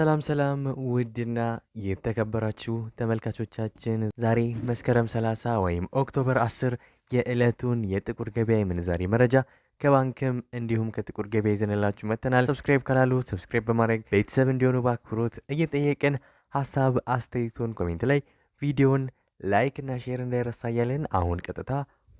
ሰላም ሰላም ውድና የተከበራችሁ ተመልካቾቻችን ዛሬ መስከረም 30 ወይም ኦክቶበር 10 የዕለቱን የጥቁር ገበያ የምንዛሬ መረጃ ከባንክም እንዲሁም ከጥቁር ገበያ ይዘንላችሁ መጥተናል። ሰብስክራይብ ካላሉ ሰብስክራይብ በማድረግ ቤተሰብ እንዲሆኑ በአክብሮት እየጠየቅን ሀሳብ አስተያየቶን ኮሜንት ላይ ቪዲዮን ላይክ እና ሼር እንዳይረሳ እያልን አሁን ቀጥታ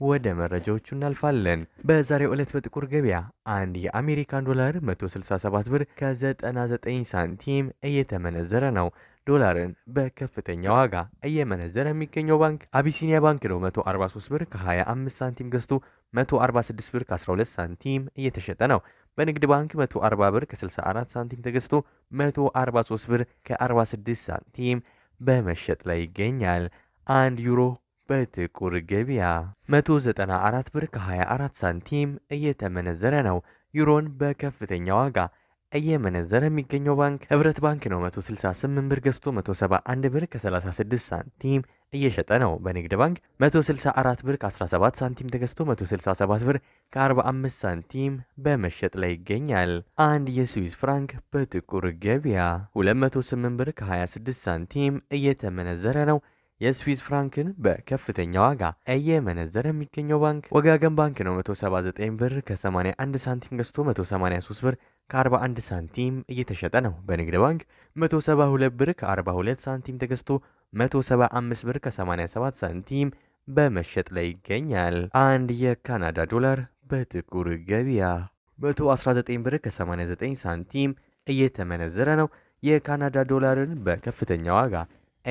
ወደ መረጃዎቹ እናልፋለን። በዛሬው ዕለት በጥቁር ገበያ አንድ የአሜሪካን ዶላር 167 ብር ከ99 ሳንቲም እየተመነዘረ ነው። ዶላርን በከፍተኛ ዋጋ እየመነዘረ የሚገኘው ባንክ አቢሲኒያ ባንክ ነው። 143 ብር ከ25 ሳንቲም ገዝቶ 146 ብር ከ12 ሳንቲም እየተሸጠ ነው። በንግድ ባንክ 140 ብር ከ64 ሳንቲም ተገዝቶ 143 ብር ከ46 ሳንቲም በመሸጥ ላይ ይገኛል። አንድ ዩሮ በጥቁር ገበያ 194 ብር ከ24 ሳንቲም እየተመነዘረ ነው። ዩሮን በከፍተኛ ዋጋ እየመነዘረ የሚገኘው ባንክ ህብረት ባንክ ነው። 168 ብር ገዝቶ 171 ብር ከ36 ሳንቲም እየሸጠ ነው። በንግድ ባንክ 164 ብር ከ17 ሳንቲም ተገዝቶ 167 ብር ከ45 ሳንቲም በመሸጥ ላይ ይገኛል። አንድ የስዊስ ፍራንክ በጥቁር ገበያ 208 ብር ከ26 ሳንቲም እየተመነዘረ ነው። የስዊስ ፍራንክን በከፍተኛ ዋጋ እየመነዘረ የሚገኘው ባንክ ወጋገን ባንክ ነው። 179 ብር ከ81 ሳንቲም ገዝቶ 183 ብር ከ41 ሳንቲም እየተሸጠ ነው። በንግድ ባንክ 172 ብር ከ42 ሳንቲም ተገዝቶ 175 ብር ከ87 ሳንቲም በመሸጥ ላይ ይገኛል። አንድ የካናዳ ዶላር በጥቁር ገበያ 119 ብር ከ89 ሳንቲም እየተመነዘረ ነው። የካናዳ ዶላርን በከፍተኛ ዋጋ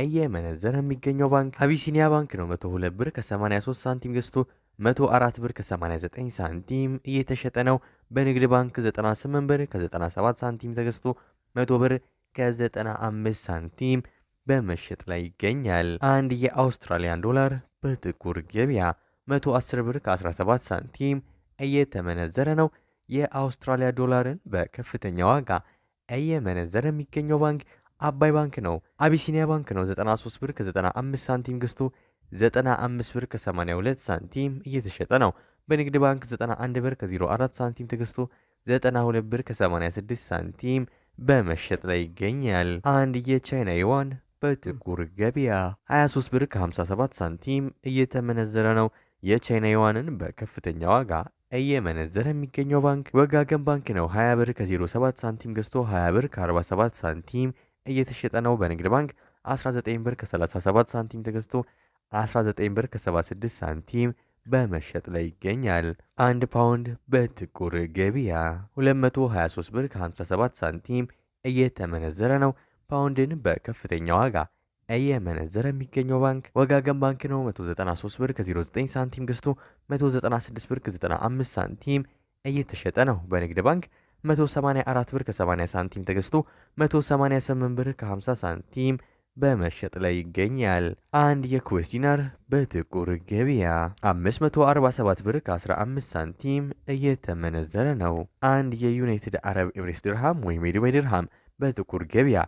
እየመነዘረ የሚገኘው ባንክ አቢሲኒያ ባንክ ነው። 102 ብር ከ83 ሳንቲም ገዝቶ 104 ብር ከ89 ሳንቲም እየተሸጠ ነው። በንግድ ባንክ 98 ብር ከ97 ሳንቲም ተገዝቶ 100 ብር ከ95 ሳንቲም በመሸጥ ላይ ይገኛል። አንድ የአውስትራሊያን ዶላር በጥቁር ገበያ 110 ብር ከ17 ሳንቲም እየተመነዘረ ነው። የአውስትራሊያ ዶላርን በከፍተኛ ዋጋ እየመነዘረ የሚገኘው ባንክ አባይ ባንክ ነው። አቢሲኒያ ባንክ ነው 93 ብር ከ95 ሳንቲም ገዝቶ 95 ብር ከ82 ሳንቲም እየተሸጠ ነው። በንግድ ባንክ 91 ብር ከ04 ሳንቲም ተገዝቶ 92 ብር ከ86 ሳንቲም በመሸጥ ላይ ይገኛል። አንድ የቻይና ዩዋን በጥቁር ገበያ 23 ብር ከ57 ሳንቲም እየተመነዘረ ነው። የቻይና ዩዋንን በከፍተኛ ዋጋ እየመነዘረ የሚገኘው ባንክ ወጋገን ባንክ ነው። 20 ብር ከ07 ሳንቲም ገዝቶ 20 ብር ከ47 ሳንቲም እየተሸጠ ነው። በንግድ ባንክ 19 ብር ከ37 ሳንቲም ተገዝቶ 19 ብር ከ76 ሳንቲም በመሸጥ ላይ ይገኛል። አንድ ፓውንድ በጥቁር ገበያ 223 ብር ከ57 ሳንቲም እየተመነዘረ ነው። ፓውንድን በከፍተኛ ዋጋ እየመነዘረ የሚገኘው ባንክ ወጋገን ባንክ ነው። 193 ብር ከ09 ሳንቲም ገዝቶ 196 ብር ከ95 ሳንቲም እየተሸጠ ነው። በንግድ ባንክ 184 ብር ከ80 ሳንቲም ተገዝቶ 188 ብር ከ50 ሳንቲም በመሸጥ ላይ ይገኛል። አንድ የኩዌስ ዲናር በጥቁር ገበያ 547 ብር ከ15 ሳንቲም እየተመነዘረ ነው። አንድ የዩናይትድ አረብ ኤምሬስ ድርሃም ወይም የዱባይ ድርሃም በጥቁር ገበያ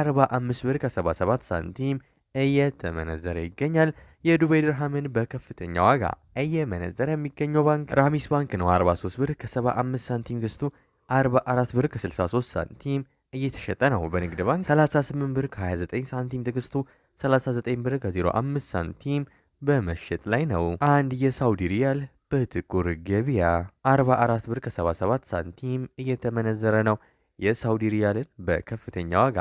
45 ብር ከ77 ሳንቲም እየተመነዘረ ይገኛል። የዱባይ ድርሃምን በከፍተኛ ዋጋ እየመነዘረ የሚገኘው ባንክ ራሚስ ባንክ ነው። 43 ብር ከ75 ሳንቲም ገዝቶ 44 ብር ከ63 ሳንቲም እየተሸጠ ነው። በንግድ ባንክ 38 ብር ከ29 ሳንቲም ተገዝቶ 39 ብር ከ05 ሳንቲም በመሸጥ ላይ ነው። አንድ የሳውዲ ሪያል በጥቁር ገበያ 44 ብር ከ77 ሳንቲም እየተመነዘረ ነው። የሳውዲ ሪያልን በከፍተኛ ዋጋ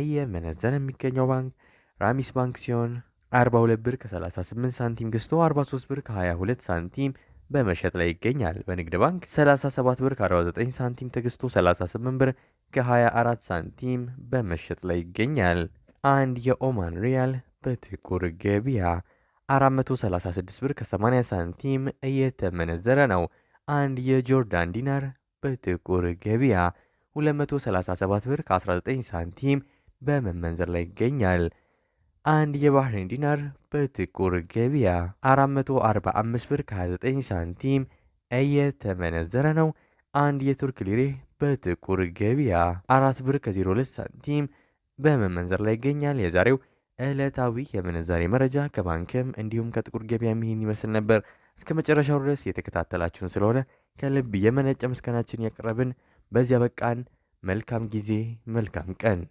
እየመነዘረ የሚገኘው ባንክ ራሚስ ባንክ ሲሆን 42 ብር ከ38 ሳንቲም ገዝቶ 43 ብር ከ22 ሳንቲም በመሸጥ ላይ ይገኛል። በንግድ ባንክ 37 ብር ከ49 ሳንቲም ተገዝቶ 38 ብር ከ24 ሳንቲም በመሸጥ ላይ ይገኛል። አንድ የኦማን ሪያል በጥቁር ገበያ 436 ብር ከ80 ሳንቲም እየተመነዘረ ነው። አንድ የጆርዳን ዲናር በጥቁር ገበያ 237 ብር ከ19 ሳንቲም በመመንዘር ላይ ይገኛል። አንድ የባህሬን ዲናር በጥቁር ገበያ 445 ብር ከ29 ሳንቲም እየተመነዘረ ነው። አንድ የቱርክ ሊሬ በጥቁር ገበያ 4 ብር ከ02 ሳንቲም በመመንዘር ላይ ይገኛል። የዛሬው ዕለታዊ የምንዛሬ መረጃ ከባንክም እንዲሁም ከጥቁር ገበያ ይህን ይመስል ነበር። እስከ መጨረሻው ድረስ የተከታተላችሁን ስለሆነ ከልብ የመነጨ ምስጋናችን ያቀረብን፣ በዚያ በቃን። መልካም ጊዜ፣ መልካም ቀን።